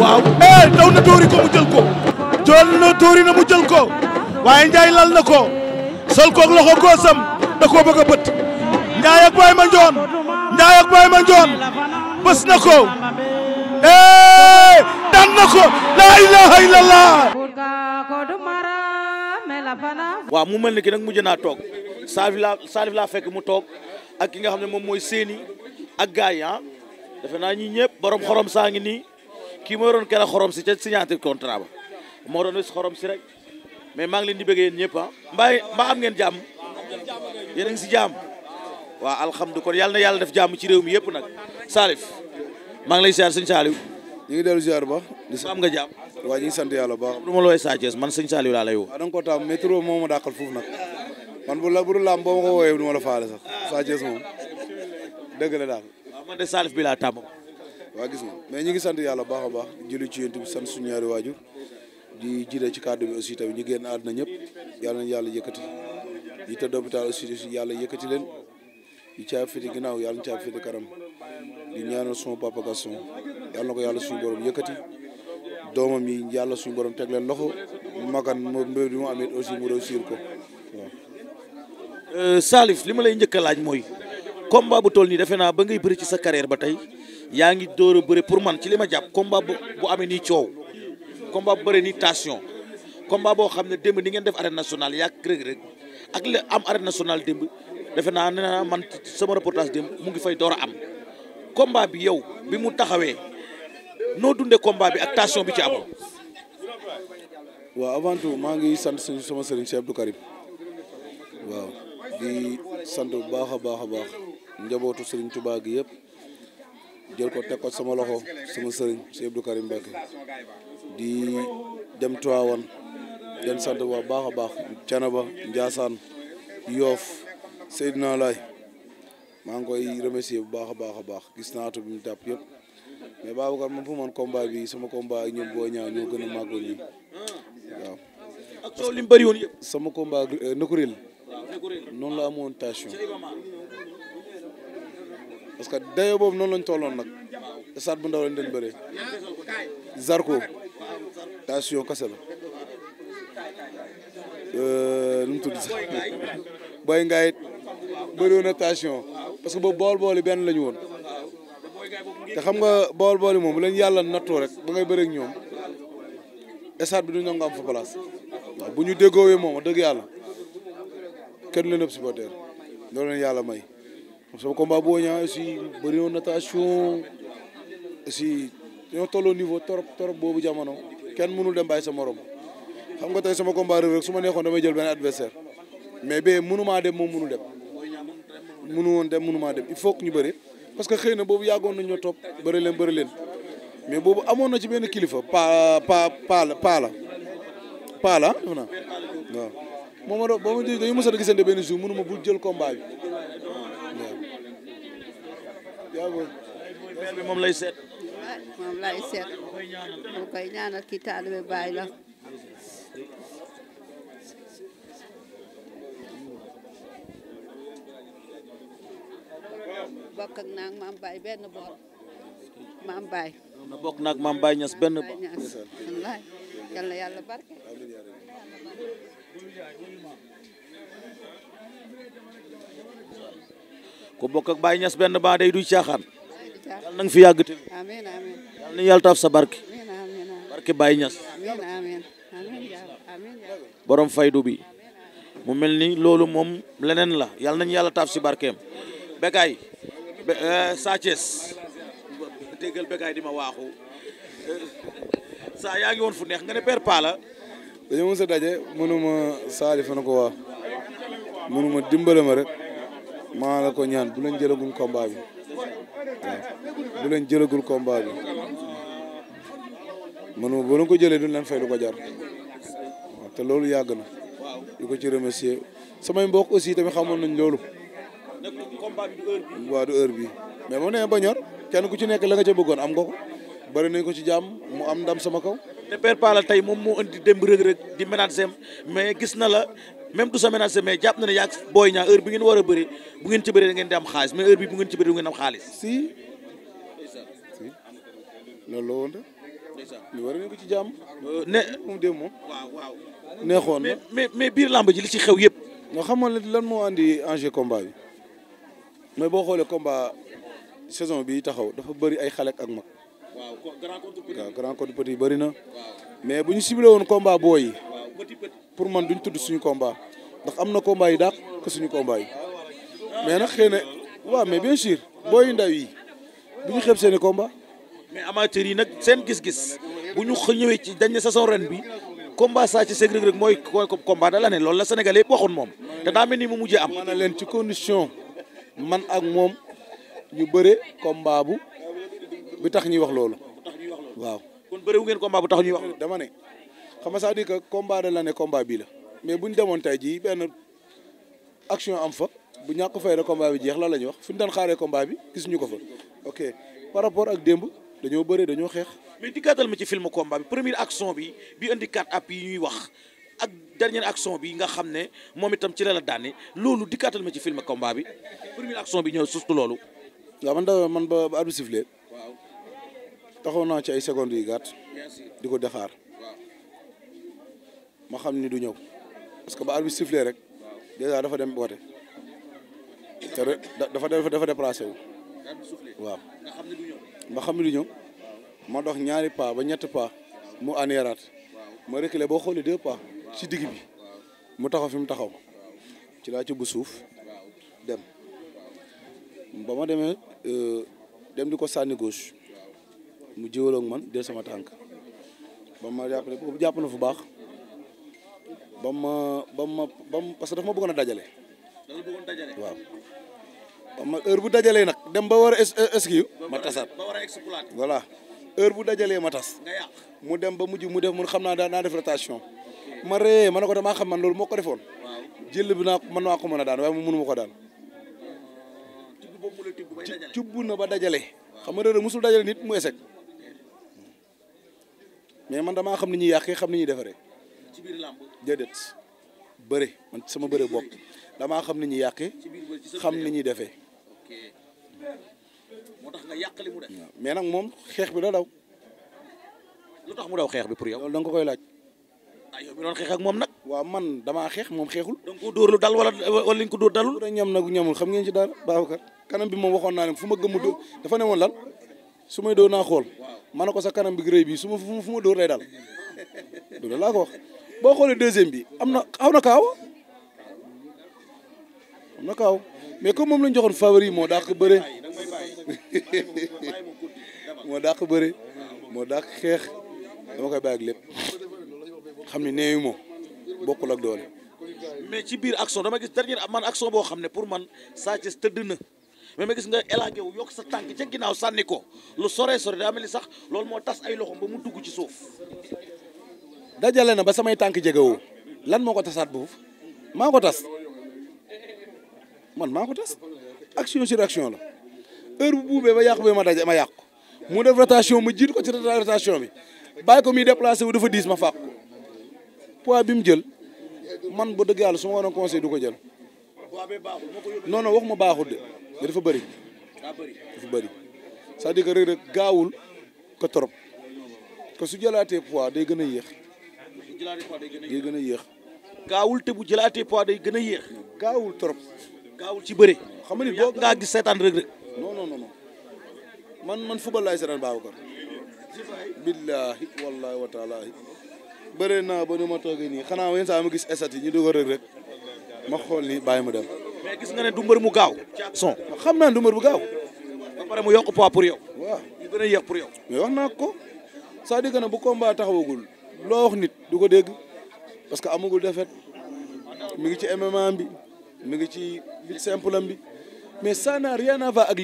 waaw eh daw na tóori ko mu jël ko. jël na tóori na mu jël ko. waaye Ndiaye lal na ko. sol koog loxo góosam da koo bëgg a bët. Ndiaye ak Baye Mandione. Ndiaye ak Baye Mandione. bës na ko. eh daan na ko. la ilaha illallah. waaw mu mel ni ki nag mujj naa toog. Salif laa Salif mu toog ak ki nga xam ne moom mooy Séni ak gars ah. defe naa ñi ñëpp borom xorom saa ngi nii kii moo doon keroog xorom si ca signature contrat ba moo doon wis xorom si rek mais maa ngi leen di bëggee yéen ñëpp ah mbaa mbaa am ngeen jàmm yéen a ngi si jàmm waa alhamdu kon yàlla na yàlla def jàmm ci réew mi yëpp nag saalif maa ngi lay ziar sëñ Saliou ñu ngi dellu ziar ba di am nga jàmm waaw ñu ngi yàlla ba du ma la wooy Sa Thiès man sëñ Saliou laa lay woo da nga moo ma dàqal foofu nag man bu la bu dul laam boo ma ko wooyee du ma la faale sax Sa moom dëgg la daal man de Salif bi laa tàmm. waa gis nga mais ñu ngi sant yàlla baax a baax julli ci yéen bi sant suñu ñaari waajur di ci kàddu bi aussi tamit ñu génn àdduna ñëpp yàlla nañu yàlla yëkkati yi tëdd hôpital aussi yàlla yëkkati leen yi caab fiti ginnaaw yàlla ñu caab fiti kanam di ñaanal suma papa Gaston yàlla na ko yàlla suñu borom yëkkati doomam yi yàlla suñu borom teg leen loxo magan moo mbéy bi mu amit aussi mu réussir ko waaw. Euh, Salif li ma lay njëkk a laaj mooy. combat bu toll nii defe naa ba ngay bëri ci sa carrière ba tey yaa ngi door a bëri pour man ci li ma jàpp komba bu amee nii coow combat bu bëree nii tension combat boo xam ne démb ni ngeen def arène nationale yaa Reug Reug ak la am arène nationale démb defe naa nee naa man sama reportage démb mu ngi fay door am combat bi yow bi mu taxawee noo dundee combat bi ak tension bi ci amoon. waaw avant tout maa ngi sant sama sëriñ Cheikh Abdou Karim waaw di sant bu baax a baax njabootu Serigne Touba gi yëpp jël ko teg ko sama loxo sama sëriñ Cheikh Abdou Karim Mbacké di dem Tiwaawan den sant bu baax a baax Canaba Ndiassane Yoff Seydina Laay maa ngi koy remercier bu baax a baax a baax gis naa atu bi mu tàpp yëpp mais Babacar moom fu man combat bi sama combat ak ñoom boo ñaaw gën a màggoon ñun waaw ak li mu sama combat euh, Nukuril noonu la amoon tension parce que dayo boobu noonu lañu tolloon nag stade bu ndaw lañ bëree Zarko tension kase euh, nu mu tudd sax Boy Ngaay it bëriwoon na parce que boobu bool-bool yi benn lañu ñu woon te xam nga bool-bool yi moom bu leen yàlla nattoo rek ba ngay bëreeg ñoom stade bi du ñoom nga fa place bu ñu déggoowee moom wax dëgg yàlla kenn leen ëpp supporter loolu leen yàlla may. sama combat Boy Niang natation aussi ñoo tolloo niveau trop trop boobu jamono kenn mënul dem bàyyi sa morom xam nga tey sama combat su ma neexoon damay jël benn adversaire mais bee mënumaa mënul dem mënu woon dem mënumaa dem il faut ñu bëri parce que xëy na boobu yàggoon nañ ñoo topp bëri leen bëri leen mais boobu amoon na ci benn kilifa pa pa paala paala paala def naa waaw moom ma doon ba ma mënuma bul jël combat bi moom lay seet lay seet mu koy ñaanal baay la bokk ak naag maam baay benn boor maam baay bokk naag maam baay ñas benn boor yal na yàlla barke ko bokk ak Baye Niass benn baa day du caaxaan yal na nga fi yàgg te amiin yal na yàlla taaf sa barke barke Baye Niass borom faydu bi mu mel ni loolu moom leneen la yal nañu yàlla taaf si barkeem Bécaye eh, Sa Thiès déggal di ma waaxu eh, saa yaa ngi woon fu neex nga ne père pa la dañoo mës a daje mënuma saali fa na ko waa mënuma dimbale ma rek maa la ko ñaan bu leen jëlagul combat bi waaw bu leen leen ko jëlee duñ leen fay lu ko jar waaw te loolu yàgg na ko ci remercier samay mbokk aussi tamit xamoon nañ loolu waaw du heure mais mu nee ba ñor kenn ku ci nekk la nga ca bëggoon am nga ko bëri nañ ko ci jàmm mu am ndam sama kaw te Père Palla tey moom moo indi démb rëg-rëg di ménage mais gis na la même du sa menacé mais jàpp na ne booy ñaa heure bi ngeen war a bëri bu ngeen ci bëri da ngeen di xaalis ngeen ci bëri du ngeen am xaalis si si loolu la woon war nañ ko ci jàmm euh, ne moom dém moom neexoon na mais mais biir làmb li ci xew yëpp nga xamoon ne lan moo andi enjeu combat bi mais boo xoolee combat saison bi taxaw dafa bëri ay xale ak mag waaw grand contre petit bëri na mais bu ñu ciblé woon combat booy pour man duñ tudd suñu komba ndax am na combat yi daal que suñu combat yi mais nag xëy na waaw mais bien sûr booy ndaw yi bu ñu xeeb seeni combat mais amateurs yi nag seen gis-gis bu ñu xa ñëwee ci dañ ne saison ren bi combat saa ci seeg rek rek mooy combat da la ne lool la Sénégalais yëpp waxoon moom te daa mel ni mu mujjee am. ma ne leen ci condition man ak moom ñu bëre combat bu bi tax ñuy wax loolu. waaw kon bëre wu ngeen combat bu tax ñuy wax. dama ne. xam nga c'est-à-dire que combat de l'année combat bii la mais bu ñu demoon tey jii benn action am fa bu ñàkk fay rek combat bi jeex la la ñuy wax fi ñu daan xaaree combat bi gisuñu ko fa ok par rapport ak démb dañoo bëre dañoo xeex. mais dikkaatal ma ci film combat bi première action bi bi indi quatre appuis yi ñuy wax ak dernière action bi nga xam ne moom itam ci la la daane loolu dikkaatal ma ci film combat bi première action bi ñëw surtout loolu. waaw man da man ba ba arbitre sifflé taxaw naa ci ay secondes yu gàtt di ko defar. ma xam ni du ñëw parce que ba arbitre sifflé rek dèjà dafa dem woote te dafa dafa déplacé wu. waaw ma xam ni du ñëw ma dox ñaari pas ba ñetti pas mu anéeraat ma reculé boo xoolee deux pas ci digg bi mu taxaw fi mu taxaw ci laa ci bu suuf dem ba ma demee euh, dem di ko sànni gauche mu jiwaloog man del sama tànk ba ma jàpp ne jàpp na fu baax. ba ma ba ma ba ma parce que dafa ma bëggoon a dajale. dafa bëggoon dajale waaw. ba heure bu dajalee nag dem ba war a eskiw ma tasaat ba heure bu dajalee ma tas. nga mu dem ba mujj mu def mun xam naa daal naa def rotation. ma ree ma ne ko damaa xam man loolu moo ko defoon. jël bi naa man maa ko mën a daan waaye mu ko daan. Ah, cubb na ba dajale. xam nga rëdd musul dajale nit mu esek mais man damaa xam ni ñuy yàqee xam ni ñuy defaree. ci biir làmb déedéet bëre man sama bëre bopp damaa xam ni ñuy yàqee xam ni ñuy defee moo tax nga yàq li mu mais nag moom xeex bi la daw tax mu daw xeex bi pour yow loolu da koy laaj ah yow mi moom nag waaw man damaa xeex moom xeexul da nga ko dóor lu dal wala wala liñ ko dóor dalul da ñam nag ñamul xam ngeen ci daal dara Babacar kanam bi moom waxoon naa ne fu ma gëmmu dóor dafa ne woon lan su may dóor naa xool ma ne ko sa kanam bi rëy bi su ma fu ma lay dal loolu laa ko wax boo xoolee deuxième bi am na xaw na kaaw am na kaaw mais comme moom lañ joxoon favori moo dàq bëre moo dàq bëre moo dàq xeex dama koy bàyyi ak lépp xam ne neeyu moom bokkul ak doole. mais ci biir action dama gis dernier man action boo xam ne pour man saa ci tëdd na mais ma gis nga élagé wu yokk sa tànk ca ginnaaw sànni ko lu sore sore daa mel ni sax loolu moo tas ay loxoom ba mu dugg ci suuf. dajale na ba samay tànk jegewoo lan moo ko tasaat boobu maa ko tas man maa ko tas action sur action la heure bu buubee ba yàq bi ma daje ma yàqu mu def rotation ma jiit ko ci rotation bi bàyyi ko muy déplacé wu dafa diis ma fàq pois bi mu jël man boo dëgg yàlla suma ma waroon conseil du ko jël non non waxuma baaxul de mais dafa bëri dafa bëri c'est-à-dire que Reug gaawul ko trop que su jëlaatee poids day gën a yéex day gën a yéex. gaawul te bu jëlaatee poids day gën a yéex. gaawul trop. gaawul ci bëre. xam nga ni boo ngaa gis seetaan rek rek. non non man man football laay seetaan Babacar. billaahi wallaahi wa taalaahi. bëree naa ba nu ma toogee nii xanaa yenn saa ma gis esat ñu dugg rek rek ma xool nii bàyyi ma dem. mais gis nga ne du mbër mu gaaw. son xam naa du mbër bu gaaw. ba pare mu yokk poids pour yow. waa mu gën a yéex pour yow. mais wax naa ko. c'est-à-dire que bu combat taxawagul. loo nit du ko dégg parce que amagul defet mi ngi ci MMA bi mi ngi ci lutte simple bi mais ça n'a rien à voir ak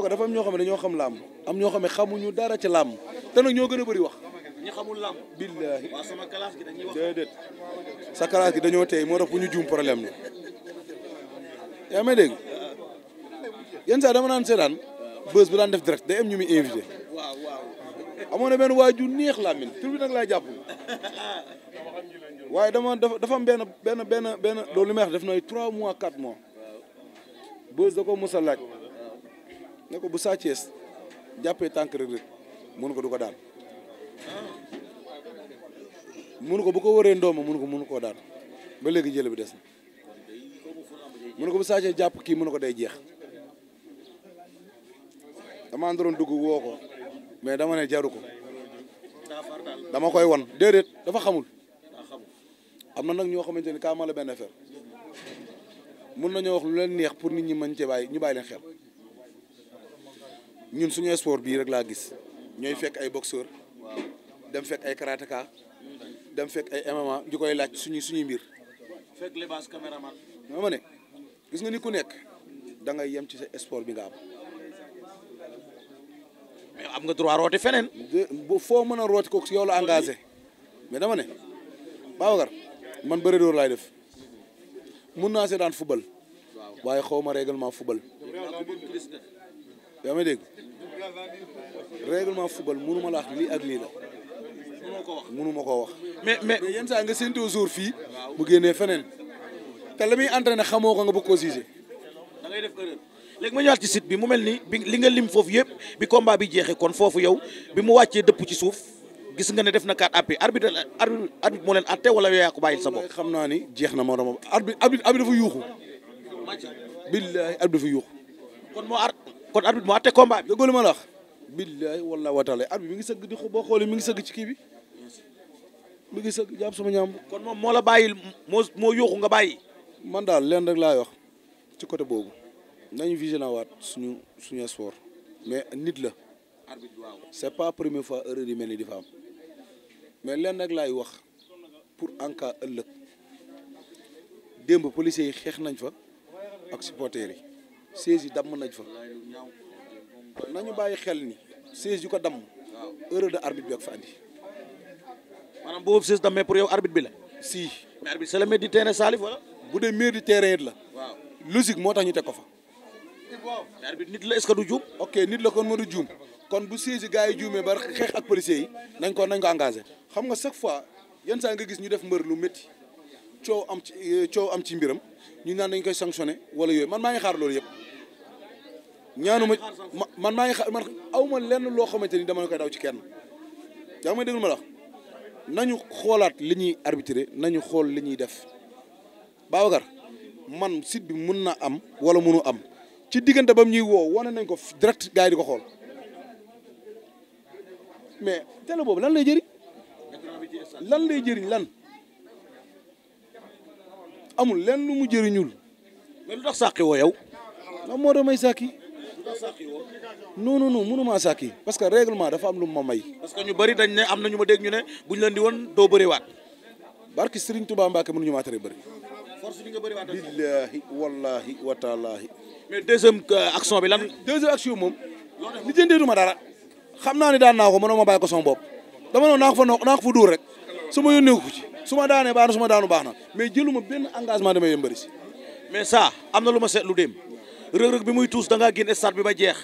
ko dafa am ñoo xam ne dañoo xam làmb am ñoo xam ne xamuñu dara ci làmb te nag ñoo gën a bëri wax. ñi xamul làmb. billaahi déedéet sa classe gi dañoo tey moo tax ku ñu juum problème la yaa may dégg yenn saa dama naan seetaan. bés bu daan def direct day am ñu muy invité. waaw waaw. amoon na benn waay ju neex laa mel tur bi nag jàpp. waaye dama dafa dafa am benn benn benn benn loolu li def na trois mois 4 mois. bés da ko mos a ko bu Sa jàppe jàppee tànk Reug ko du ko daan. mun ko bu ko waree ndooma mënu ko mënu koo daan ba léegi jël bu des na. mënu ko bu Sa jàpp kii mënu ko day jeex. damaa ndoroon dugg woo ko mais dama ne jaru ko dama koy won déedéet dafa xamul am na nag ñoo xamante ni kaa mala la benn affaire mun nañoo wax lu leen neex pour nit ñi mën cee bàyyi ñu bàyyi leen xel ñun suñu sport bii rek laa gis ñooy fekk ay boxeur dem fekk ay karateka dem fekk ay MMA ñu koy laaj suñu suñuy mbir. fekk libaas caméraman. ma ne gis nga ni ku nekk dangay yem ci sa sport bi nga am. mais am nga droit rooti feneen. foo mën a rooti ko si yow la engagé mais dama ne Babacar man bëri door laay def mun naa seetaan football waaye xawma ma règlement football. yaa may dégg règlement football ma la wax lii ak ma koo wax. mais mais yenn saa nga séntu jour fii bu génnee feneen te la muy entraîné xamoo ko nga bëgg koo léegi ma ñëwaat ci sit bi mu mel ni bi li nga lim foofu yëpp bi combat bi jeexee kon foofu yow bi mu wàccee dëpp ci suuf gis nga ne def na kaat appui arbitre arbitre moo leen atte wala yaa ko bàyyil sa bopp. xam naa ni jeex na moo tax moom arbitre arbitre dafa yuuxu. billaahi arbitre dafa yuuxu. kon moo kon arbitre moo atte combat bi. dëgg la ma wax. billaahi wallaahi wa taala arbitre mi ngi sëgg di boo xoolee mi ngi sëgg ci kii bi. ngi sëgg jàpp sama kon moom moo la bàyyil moo moo yuuxu nga bàyyi. man daal leen rek laay wax ci côté boobu. nañu vigilant waat suñu suñu sport mais nit la. arbitre waaw c'est pas première fois erreur yi mel ni di fa am mais lenn nag laay wax pour en ëllëg démb policiers yi xeex nañ fa ak supporters yi sièges damm nañ fa nañu bàyyi xel ni sièges yu ko damm. erreur de arbitre bi ak fa andi. maanaam boobu siège dammee pour yow arbitre bi la. si mais arbitre c'est le maître du terrain Salif bu dee maître du terrain it la. waaw logique moo tax ñu teg ko fa. arbitre nit la est-ce que du juum. ok nit la kon moo du juum kon bu siège gars yi juumee ba xeex ak policiers yi nañ ko nañ ko engagé xam nga chaque fois yenn saa nga gis ñu def mbër lu metti coow am ci euh, coow am ci mbiram ñu naan dañ koy sanctionné wala yooyu man maa ngi xaar loolu yëpp. ñaanu ma man maa ngi xaar man aw ma lenn loo xamante ni dama koy daw ci kenn yaa may ma la nañu xoolaat li ñuy arbitré nañu xool li ñuy def Babacar man sit bi mun na am wala munu am. ci diggante ba mu ñuy woo wane nañ ko direct gars yi di ko xool mais télé boobu lan lay jëriñ lan lay jëriñ lan amul lenn lu mu jëriñul. mais lu tax sàqi woo yow. lan moo doon may sàkki. non non non mënumaa sàkki parce que règlement dafa am lu ma may. parce que ñu bari dañ ne am na ñu ma dégg ñu ne bu ñu leen di woon doo bëriwaat. barki Serigne Touba Mbacke mënuñu maa tere bëri. force bi nga bëri waatee. billaahi wallaahi wataalaahi. mais deuxième euh, action bi lan. deuxième action moom. li jëndeetu ma dara. xam naa ne daan naa ko mënoo ma baay ko sama bopp dama noonu naa ko fa noo naa fa dóor rek su ma yónnee ko ci su ma daanee baax na su ma daanu baax na mais jëluma benn engagement damay yëmbëri si. mais sa am na lu ma seetlu dem rëg-rëg bi muy tuus da ngaa génn stade bi ba jeex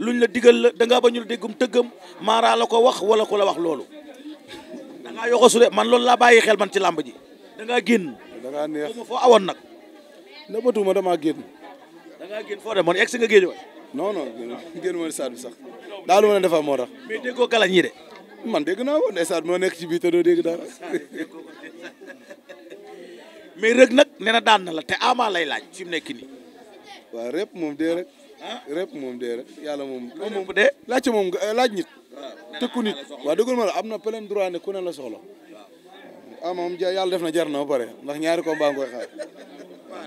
luñ la digal la da de bañul déggum tëggam maaraa la ko wax wala ko la wax loolu da ngaa yoxosu de man loolu laa bàyyi xel man ci làmb ji da génn. dangaa neex foo awoon nag. nëbbatuma damaa génn. dangaa génn foo dem man egg si nga géej waay. non non génn bi sax daal ma ne defar moo tax. mais déggoo kala ñii de. man dégg naa ko moo nekk ci biir te doo dégg dara. mais rek nag nee na daan na la te ama lay laaj fi mu nekk ni waa rëpp moom dee rek. Ah? rëpp moom dee yàlla moom. moom dee laajte moom eh, laaj nit. Ah, tëkku nit waaw dëgg ma la am na plein droit la soxla. ah moom yàlla def na jar na ba pare ndax ñaari combat xaar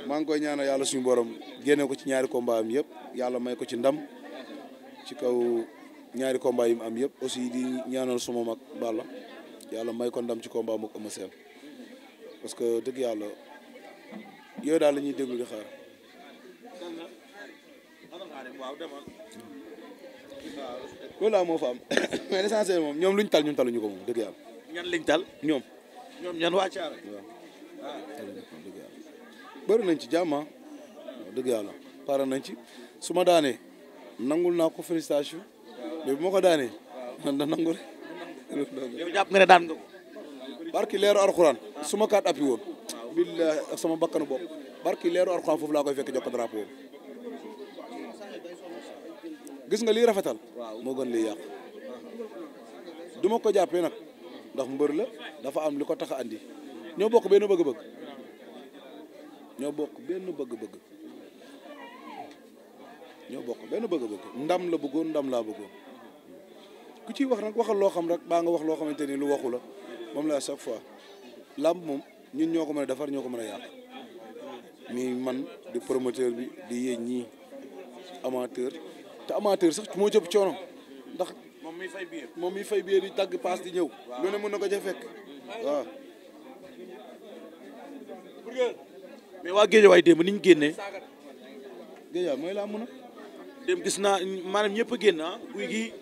maa ngi koy ñaanal yàlla suñu borom génne ko ci ñaari combat am yëpp yàlla may ko ci ndam ci kaw ñaari combat yi mu am yëpp aussi di ñaanal suma mag Balla yàlla may ko ndam ci combat mook Eumeu Sène parce que dëgg yàlla yooyu daal la ñuy déglu di xaar. loolu laa moo fa am mais l'essentiel moom ñoom luñ tal ñun taluñu ko moom dëgg yàlla. ñan liñ tal ñoom. ñoom ñan waa Thiaré. nañ ci jàmm ah. dëgg yàlla pare nañ ci su ma daanee nangul na ko félicitation mais bu ma ko daanee nan da nangu rek. jàpp nga ne daan nga ko. leeru Alxuraan su ma kaat appui woon. billahi ak sama bakkanu bopp barki leeru Alxuraan foofu laa koy fekk jokk drapeau gis nga lii rafetal. moo gën lii yàq. du ma ko jàppee ndax mbër la dafa am li ko tax a andi ñoo bokk benn bëgg-bëgg ñoo bokk benn bëgg-bëgg ñoo bokk benn bëgg-bëgg ndam la bëggoon ndam la bëggoon ku ciy wax nag waxal loo xam rek baa nga wax loo xamante ni lu waxu la moom la à chaque fois làmb moom ñun ñoo ko mën a defar ñoo ko mën a yàq mii man di promoteur bi di yéen ñii amateur te amateur sax moo jëpp coono ndax moom mi fay biir moom mi fay biir di dagg paas di ñëw. waaw lu ne mën na ko ca fekk mais waa Géejawaay démb ni ñu génnee. Géejawaay mooy laa mën a. démb gis naa maanam ñëpp a génn a ah. guy gi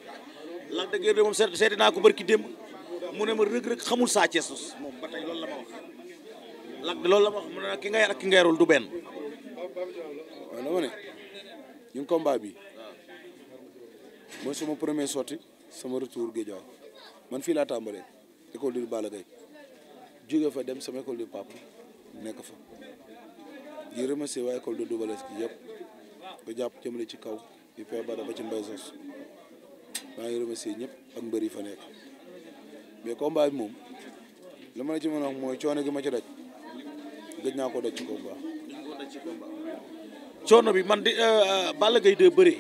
Lac naa ko barki démb mu ne ma Reug Reug la ma wax. Lac de loolu la ma wax ki nga yar ki nga yarul du benn. waaw dama ne ñun combat bi mooy sama premier sortie sama retour Guédiawaye man fii laa tàmbalee école du Balla jóge fa dem sama école du papa nekk fa di remercier waa école de yëpp ba jàpp jëmale ci kaw di fexe ba ci mbay sos maa ñëpp ak mbër yi fa nekk mais combat bi moom li ma la ci mën gi ma ci daj gëj naa ko daj ci combat. coono bi man di euh, Balla Gaye de bëri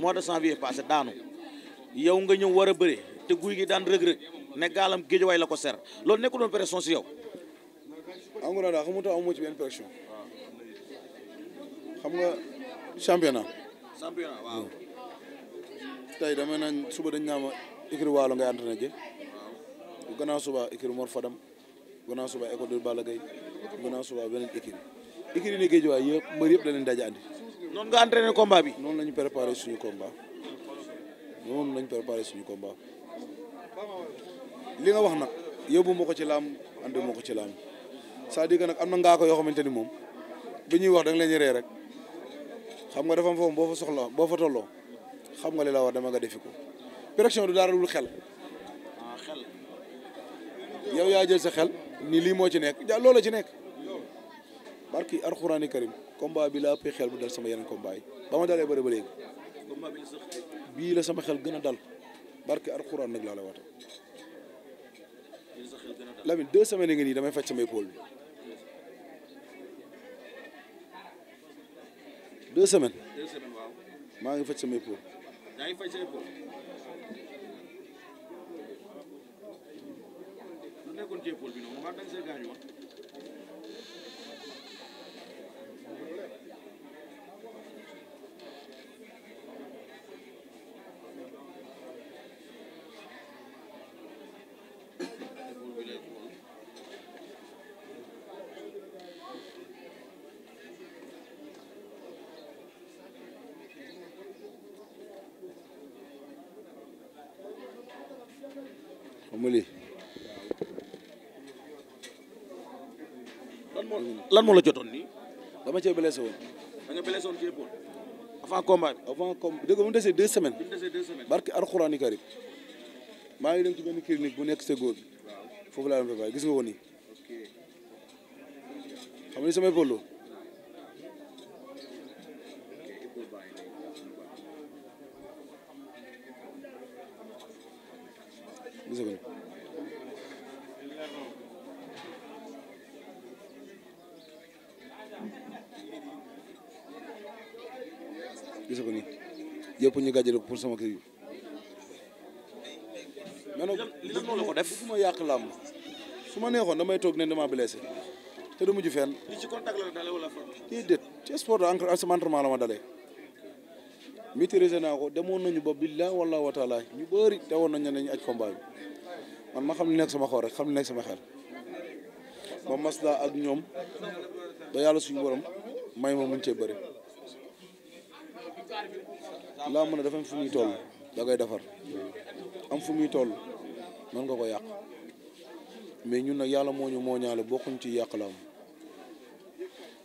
mois de janvier passé daanu. yow nga ñëw war a bëri te guy gi daan rëg-rëg ne gaalam géejawaay la ko ser loolu nekkul woon pression si yow. a daal xam nga tax amoo ci benn xam nga championnat. championnat waaw. Hmm. tey dama naan suba dañ naa ma écurie Waalo ngay entraîné ji gannaaw suba écurie Mor Fadam gannaaw suba école de Balla Gaye gannaaw suba beneen écurie écurie ne géejawaay yëpp mbër yëpp da leen daje andi. noonu nga entraîné combat bi. noonu la ñu préparé suñu komba noonu lañ préparé suñu combat li nga wax nag yóbbu ma ko ci laam andi ma ko ci laam saa à dire nag am na ngaa ko yoo xamante ni moom bi ñuy wax da nga leen ree rek xam nga dafa am foofu boo fa soxla boo fa tolloo xam nga li la war dama nga defe ko pression du dara lu ah, xel yow yaa jël sa xel ni lii moo ci nekk ja loola ci nekk barki alxuraani karim combat bi laa ëppee xel bu dal sama yeneen combat yi ba ma dalee bëri ba léegi bii la sama xel gën a dal barke alxuraan nag laa la waata Lamine deux semaines nga nii damay faj sama épaule bi deux semaines maa ngi faj sama épaule lu nekkoon ci Mali lan moo lan moo la jotoon nii. dama cee blessé woon. da nga blessé woon ci épaule. avant combat bi avant combat dégg nga bu ñu desee deux semaines. bu ñu desee deux semaines barki alxuraani karim maa ngi dem ci benn clinique bu nekk Ségol foofu laa doon fay gis nga woon nii xam samay épaule gis ko ñu gàjjale ko pour sama kii mais nag def su ma yàq làmb su ma neexoon damay toog ne dama blessé te du mujj fenn. li ci contact la dalee wala sport da sama entraînement la ma dalee maîtriser naa ko demoon nañu ba billah wala wa taala ñu bëri teewoon nañu ne ñu aj combat bi man ma xam nekk sama xol rek xam ne nekk sama xel ma maslaa ak ñoom ba yàlla suñu borom may ma muñ cee bëri. laa mën a dafa am fu muy toll da koy defar am fu muy toll mën nga ko yàq mais ñun nag yàlla moo ñu moo ñaale bokkuñ ci yàq la am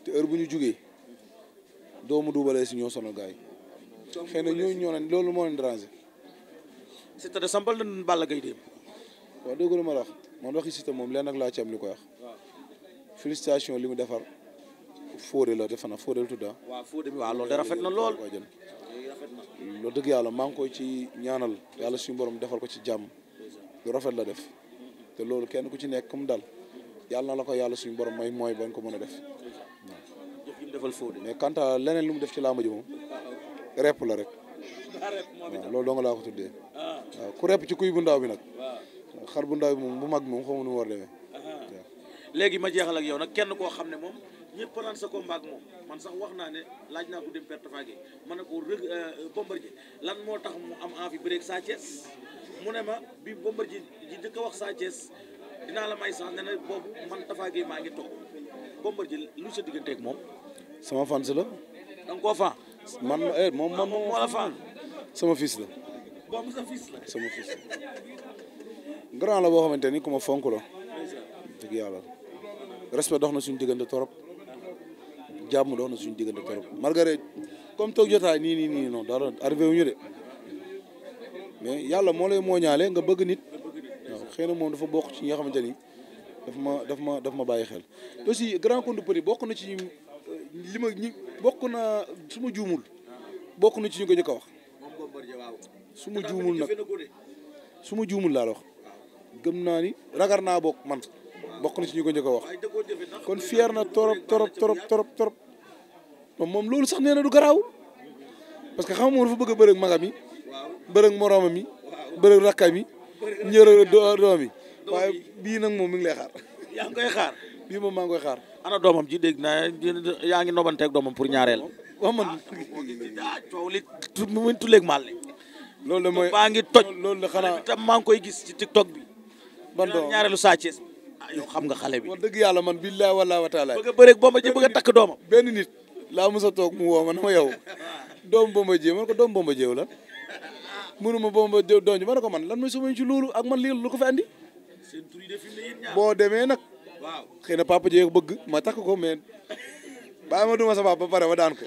te heure bu ñu jugee doomu duubalee si ñoo sonal gars yi xëy na ñooñu ñoo leen loolu moo leen déranger. Siteu de sampal na Balla Gaye dem. ma wax man waxi moom leen ak laa ci am li ko wax. li mu defar. Fodé la defe naa Fodé la tudd ah. waaw Fodé bi waaw rafet na lool. loolu dëgg yàlla maa ngi koy ci ñaanal yàlla suñ borom defal ko ci jàmm lu rafet la def te loolu kenn ku ci nekk comme dal yàlla na la ko yàlla suñu borom may mooy bañ ko mën a def mais quant à leneen lu mu def ci laa ji moom repp la rek ah, waaw loolu dong laa ko tuddee ah. ku repp ci kuy bu ndaw bi nag xar bu ndaw bi moom bu mag bi moom xamu nu mu war demee ah. léegi ma jeexal ak yow nag kenn koo xam ne moom ñëpp paraan sa combat ak moom man sax wax naa ne laaj naa ko dem perte fage ma na ko rëg euh, Bombardier lan moo tax mu am envie bëreeg Sa Thiès mu ne ma bi Bombardier ji njëkk a wax Sa Thiès dinaa la may sax ne boobu man tafaage maa ngi toog Bombardier lu sa diggante ak moom sama fans la da nga koo fan man eh, moom ah, moom moo la fan sama fils la boobu sa fils la sama fils la grand la boo xamante ni ku fonk la dëgg yàlla respect dox na suñu diggante torop jàmm doon na suñu diggante trop malgré comme toog jotaay nii nii nii non dara arrivé wu ñu de mais yàlla moo lay mooñaale nga bëgg nit waaw xëy na moom dafa bokk ci ñi nga xamante ni daf ma daf ma daf ma bàyyi xel. te aussi grand compte petit bokk na ci euh, li ma ñi bokk na su juumul bokk na ci ñu ko njëkk a su ma jumul nag su ma juumul laa wax gëm naa ni ragar naa bokk man. bokk na ci ñu ko njëkk a wax kon fier na torop torop torop torop torop moom loolu sax nee na du garaw parce que xam moom dafa bëgg a bërëg magam yi bërëg moroomam yi bërëg rakkam yi ñëro doom waaye bii nag moom mi ngi lay yaa ngi koy xaar bii moom maa ngi koy xaar ana doomam ji dégg naa yaa ngi nobanteeg doomam pour ñaareel waaw man ah, coow li mu tuleeg maal loolu mooy maa ngi toj loolu la xanaa tam maa ngi koy gis ci tiktok bi ban doom ñaareelu Sa yow xam nga xale bi. wax dëgg yàlla man billahi wallahi wa taala. bëgg a bëreeg bomba ji bëgg a takk doomam. benn nit laa mos a toog mu woo ma na ma yow doom bomba ji man ko doom bomba jiw la mënuma ma jiw doom ji ma ne ko man lan ma mooy suma ci loolu ak man lii lu ko fi andi. boo demee nag. waaw xëy na papa jee bëgg ma takk ko mais bàyyi ma duma sa papa ba pare ma daan ko.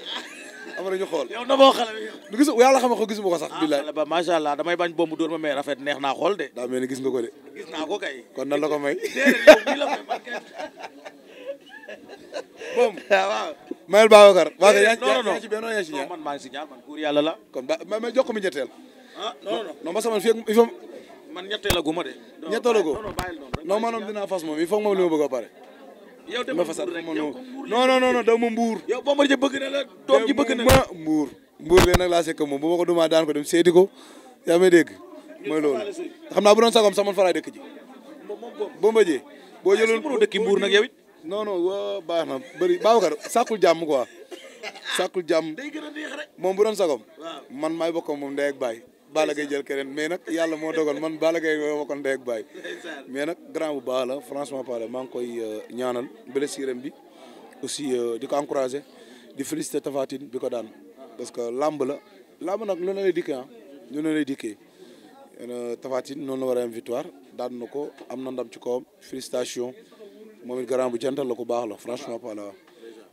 am na ñu xool yow naboo xale bi gis yàlla xam ko gisuma ko sax ah, billaay xale ba macha allah damay bañ bombu dóor ma mais rafet neex naa xool de daa mel ni gis nga ko de gis naa ko kon nan la ko may bom ah, waaw mayel Babacar waaw eh, yaa ngi ci benn yaa ngi ci ñaar la kon ba ma jox ko mi ñetteel ah non non non ma sama il faut man ñetteel a guma de ñetteel a go non maanaam dinaa fas moom il faut moom li ma bëgg a pare yow dama fa sax dama non non non dama mbuur. yow Bombardier bëgg na la doom ji bëgg na la mbuur mbuur leen nag laa sekk moom bu ma ko dumaa daan ko dem seeti ko yaa may dégg mooy loolu xam naa bu doon sagoom sax man faraa dëkk ji Bombardier boo jëloon pour dëkki mbuur nag yow it waa baax na bëri Babacar sàkkul jàmm quoi sàkkul jàmm moom bu doon sagoom man maay bokk moom ndey baay Balla gay jël keneen mais nag yàlla moo dogal man bala Gaye ma ko ndey ak baay mais nag grand bu baax la franchement parlé maa ngi koy euh, ñaanal blessure bi aussi euh, di ko encouragé di félicité Tapha bi ko daan parce que làmb la làmb nag lu ne lay dikkee ah lu ne lay dikkee euh, Tapha Tine noonu la war victoire daan na ko am na ndam ci kawam félicitation moom it grand bu jantal la ko baax la franchement parlé waaw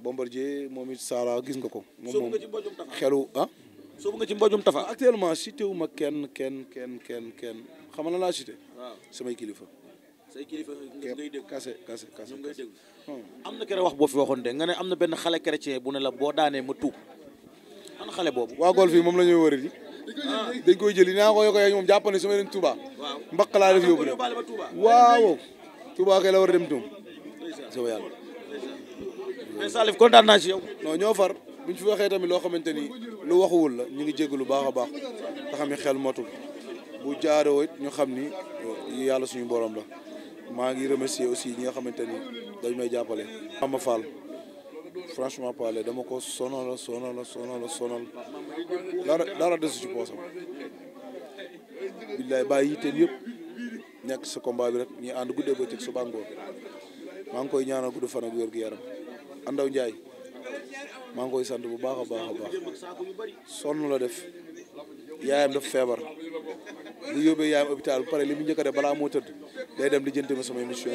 Bombardier moom it saala gis nga ko xelu ah? soobu nga ci mbojum tafa actuellement cité wu ma kenn kenn kenn kenn kenn xam nga laa cité. waaw samay kilifa. say kilifa ngay dégg kase kase kase ngay dégg hmm. am na keneen wax boo fi waxoon de nga ne am na benn xale chrétien bu ne la boo daanee ma tuub an xale boobu. waa golf yi moom la ñuy wëri di. Ah. dañ koy jëli naa ko yoko yaay moom jàpp ne su ma dem Touba. waaw mbaq laa def yóbbu de waaw. Touba kay la war a dem tuum. sama yàlla. mais Salif kontaan naa ci yow. non ñoo far. buñ fi waxee tamit loo xamante ni lu waxuwul la ñu ngi jégalu baax a baax te xam ne xel motul bu jaaroo it ñu xam ni yàlla suñu borom la maa ngi remercier aussi ñi nga xamante ni dañ may jàppale. Ama Fall franchement parler dama ko sonal sonal sonal sonal dara dara desu ci poosam billaay bàyyi yitteel yëpp nekk sa combat bi rek ñi ànd guddee bëccëg suba ngoon maa ngi koy ñaanal gudd fan ak wér gu yaram Andaw Ndiaye. maa ngi koy sant bu baax a baax a baax sonn la def yaayam def feebar bu yóbbee yaayam hôpital bu pare li mu njëkk a def balaa moo tëdd day dem di jënte ma sama émission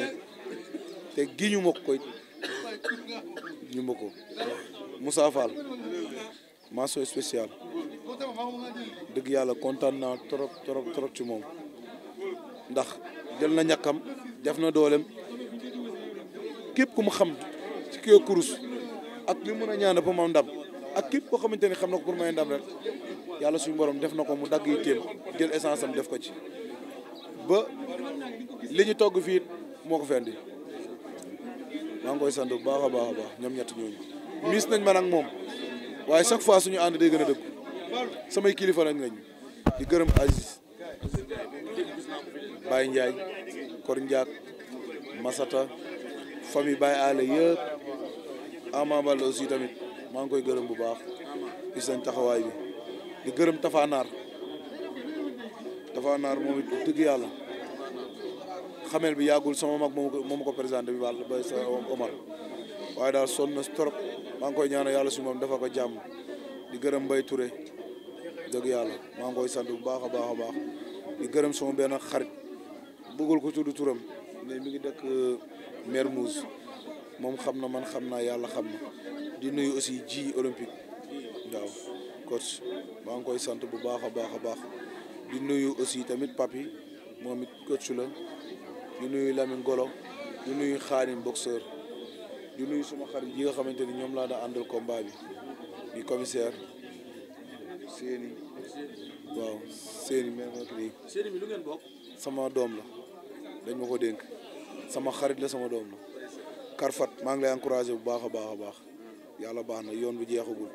te gi ñu ma koy ñu ma ko Moussa Fall mention spéciale dëgg yàlla kontaan naa trop trop trop ci moom ndax jël na ñàkkam def na doolem képp ku mu xam ci kii kurus ak li mën a ñaan ba mu am ndam ak képp koo xamante ni xam na ko pour may ndam rek yàlla suñu borom def na ko mu dagg yi téem jël essence am def ko ci li ñu togg fii moo ko fendi maa ngi koy sant bu baax a baax a ñoom ñett ñooñu miis nañ ma nag moom waaye chaque fois suñu ànd day gën a sama samay kilifa lañ lañ di gërëm Aziz Baye Ndiaye Kor Ndiak Masata famille Baye Alé yëpp Ama Baldé aussi tamit maa ngi koy gërëm bu baax gis nañ taxawaay bi di gërëm tafaanaar Tafanaar moom it dëgg yàlla xamel bi yàggul sama mag moom ko présenté bi wàll ba sa Omar waaye daal sonn na trop maa ngi koy ñaanal yàlla suñu moom dafa ko jàmm di gërëm Mbaye Touré dëgg yàlla maa ngi koy sant bu baax a baax a baax di gërëm sama benn xarit bëggul ko tudd turam ne mi ngi dëkk euh, Mermoz moom xam na man xam naa yàlla xam na di nuyu aussi ji olympique waaw coach maa ngi koy sant bu baax a baax a baax di nuyu aussi tamit papi moom it coach la di nuyu Lamine Golo di nuyu Xaadim boxeur di nuyu suma xarit yi nga xamante ni ñoom laa da àndal kombaa bi di commissaire seeni waaw seeni mercredi seeni bi lu sama doom la dañ ma ko dénk sama xarit la sama doom la Karfat maa ngi lay encouragé bu baax a baax a baax yàlla baax na yoon bu jeexagul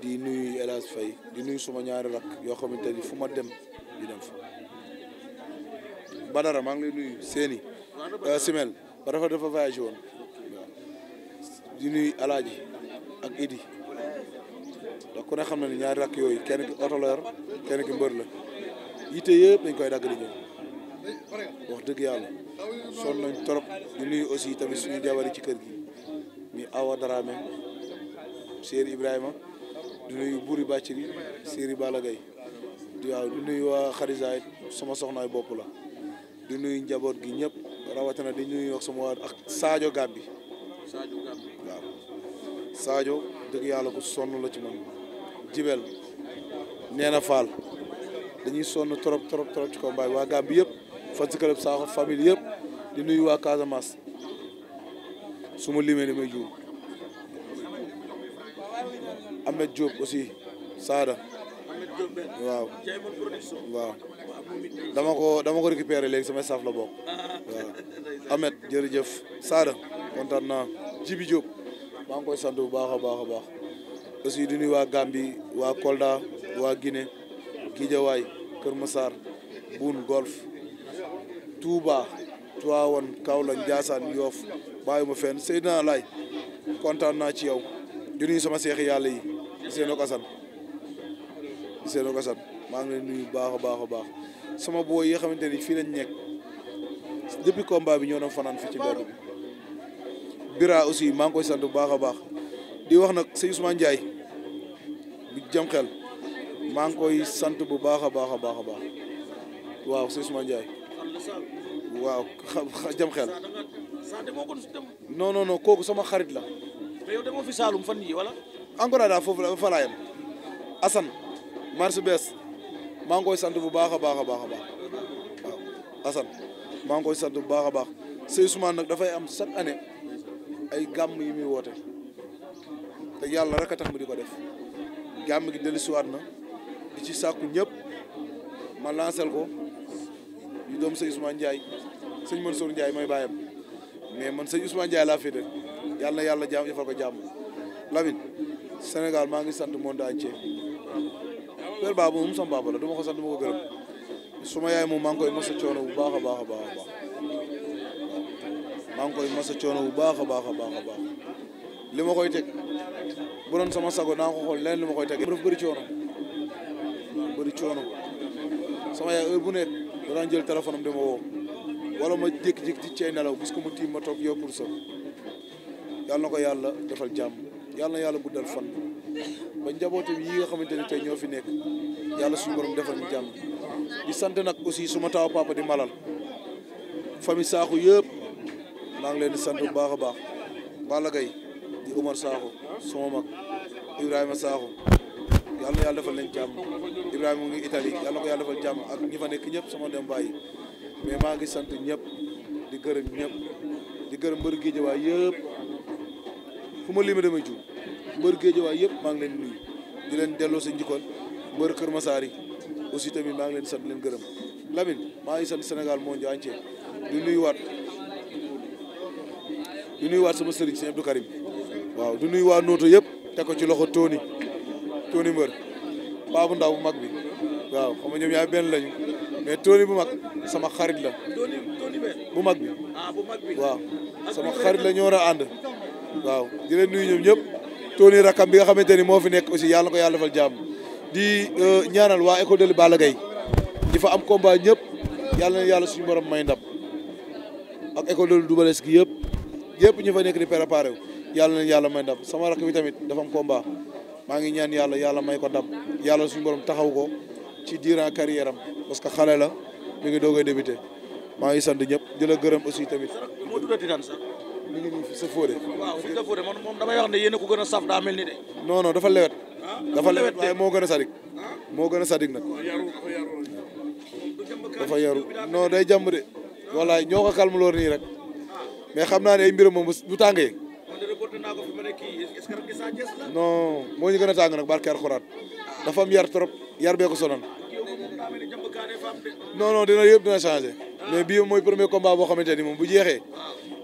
di nuyu El fay di nuy suma ñaari rak yoo xamante ni fu ma dem di maa ngi lay nuyu seeni euh, Simel ba dafa dafa voyagé woon di ak Idi ndax ku ne xam na ni ñaari rakk yooyu kenn ki oto la yor kenn ki mbër la yitte yëpp dañ koy dagg di ñëw wax dëgg yàlla sonn nañ trop di nuyu aussi tamit suñu jabari ci kër gi mi Awa Dramé Cheikh Ibrahima di nuyu Buri Bàcciri Seri Balla Gaye waaw di nuyu xarisaay sama soxnaay bopp la di nuyu njaboot gi ñëpp rawatina di nuyu wax sama waa ak Sadio Gàbbi waaw Sadio yàlla ku sonn la ci man jibel nee na Fall dañuy sonn trop trop trop ci combat bi waa Gàmbi yëpp fan si club Sakho famille yëpp di nuyu waa Casamance su ma limee damay juum aussi Saada waaw dama ko dama ko récupéré léegi sama saf la bokk waaw Ahmed jërëjëf Saada kontaan naa Jibi Diop maa ngi koy sant bu baax a baax a baax aussi di nuyu waa Gambie waa Kolda waa Guinée Guédiawaye Kër Massar Boune Golf Touba Tivaouane Kaolack Ndiassane yoof bàyyi ma fenn Seydina Laay kontaan naa ci yow di nuyu sama seexi yàlla yi Ousseynou Kassane seenoo Kassane maa ngi leen nuyu baax a baax a baax sama boo yi xamante ni fii lañ nekk depuis combat bi ñoo doon fanaan fii ci mbedd bi Bira aussi maa ngi koy sant bu baax a baax di wax nag sëñ Ousmane Ndiaye bu maa ngi koy sant bu baax a baax a baax a baax waaw sëñ Ousmane Ndiaye waaw jam xel. saa demoo kon non non kooku sama xarit la. mais fan yii wala. encore daal foofu la fa laa yem Assane. bees maa ngi koy sant bu baax a baax a baax a baax waaw maa ngi koy sant bu baax a baax Sey Ousmane nag dafay am chaque année ay gàmm yi muy woote te yàlla rek a tax mu di ko def gàmm gi dellusiwaat na di ci saaku ñëpp ma lancel ko yu doom Sey Ousmane Ndiaye. sëñ Mansour jaay mooy bàyyam mais man sëñ Ousmane Ndiaye laa féete yàlla na yàlla jàmm defal ko jàmm Lamine Sénégal maa ngi sant monde entier Père Baba moom sama baba la du ko sant ma ko gërëm suma yaay moom maa ngi koy mos a coono bu baax a baax a baax a baax maa ngi koy mos a coono bu baax a baax a baax a baax li ma koy teg bu doon sama sago naa ko leen leneen li ma koy teg daf bëri coono bëri coono sama yaay heure bu nekk jël téléphone am di wala ma jékki-jékki ci cay nelaw gis ko mu tiim ma toog yokkul sa yàlla na ko yàlla defal jàmm yàlla na yàlla guddal fan ba njabootam yi nga xamante ne tey ñoo fi nekk yàlla suñu borom defal ñu jàmm di sant nag aussi suma taaw papa di malal famille Sakho yëpp maa ngi leen di sant bu baax a baax Balla Gaye di Omar Sakho suma mag Ibrahima Sakho yàlla na yàlla defal leen jàmm Ibrahima mu ngi Italie yàlla na ko yàlla defal jàmm ak ñi fa nekk ñëpp sama dem bàyyi mais maa ngi sant ñëpp di gërëm ñëpp di gërëm mbër géejawaay yëpp fu ma limee damay juum mbër géejawaay yëpp maa ngi leen nuyu di leen delloo sa njikkoon mbër Kër Masaar aussi tamit maa ngi leen sant leen gërëm Lamine maa ngi sant Sénégal monde entier di nuyuwaat di nuyuwaat sama sëriñ si Abdou Karim waaw di nuyu waa Nooto yëpp teg ci loxo Tony Tony mbër baabu ndaw bu mag bi waaw xam ñoom yaay benn lañu mais Tony bu mag sama xarit la ah, bu mag bi waaw sama xarit la ñoo war a ànd waaw di leen nuyu ñoom ñëpp Tony rakam bi nga xamante ni moo fi nekk aussi yàlla ko yàlla defal jàmm di euh, ñaanal waa école de Balla Gaye fa am combat ñëpp yàlla na yàlla suñu borom may ndam ak école de Double Less gi yëpp yëpp ñu fa nekk di préparé yàlla na yàlla may ndam sama rakk bi tamit dafa am combat maa ngi ñaan yàlla yàlla may ko ndam yàlla suñu borom taxaw ko ci durant carrière parce que xale mi ngi doog a débuté maa ngi sant ñëpp di la gërëm aussi tamit. moo tuddati daan ngi nii sa Fodé. fi sa Fodé moom damay wax ne yéen a ko gën a saf daa mel ni de. non non dafa lewet. Ah, dafa lewet waaye moo gën a sadik. Ah? moo gën a sadik nag. dafa yaru non day jàmb de. wallaay ñoo ko kalmaloon nii rek. mais xam naa ne ay mbiram moom bu tàngee. non moo ñu gën a tàng nag barke alxuraan dafa am yar trop yar bee ko sonal. non non dina yëpp dina changé mais bii mooy premier combat boo xamante ni moom bu jeexee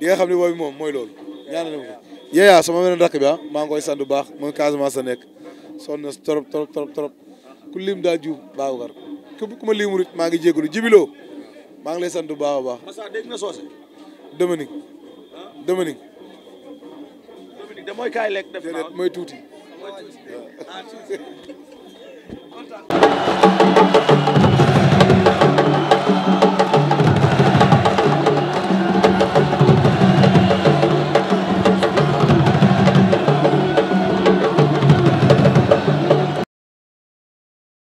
di nga xam ne boobu moom mooy loolu ñaanal ma ko. yeeyaa sama beneen rakk bi ah maa ngi koy sant bu baax mooy Casamance sa nekk sonn na trop trop trop trop ku lim daa juub Babacar képp ku ma limu rit maa ngi jégalu jibiloo maa ngi lay sant bu baax a baax. Massa dégg nga soose. lekk def naa mooy tuuti. Ah,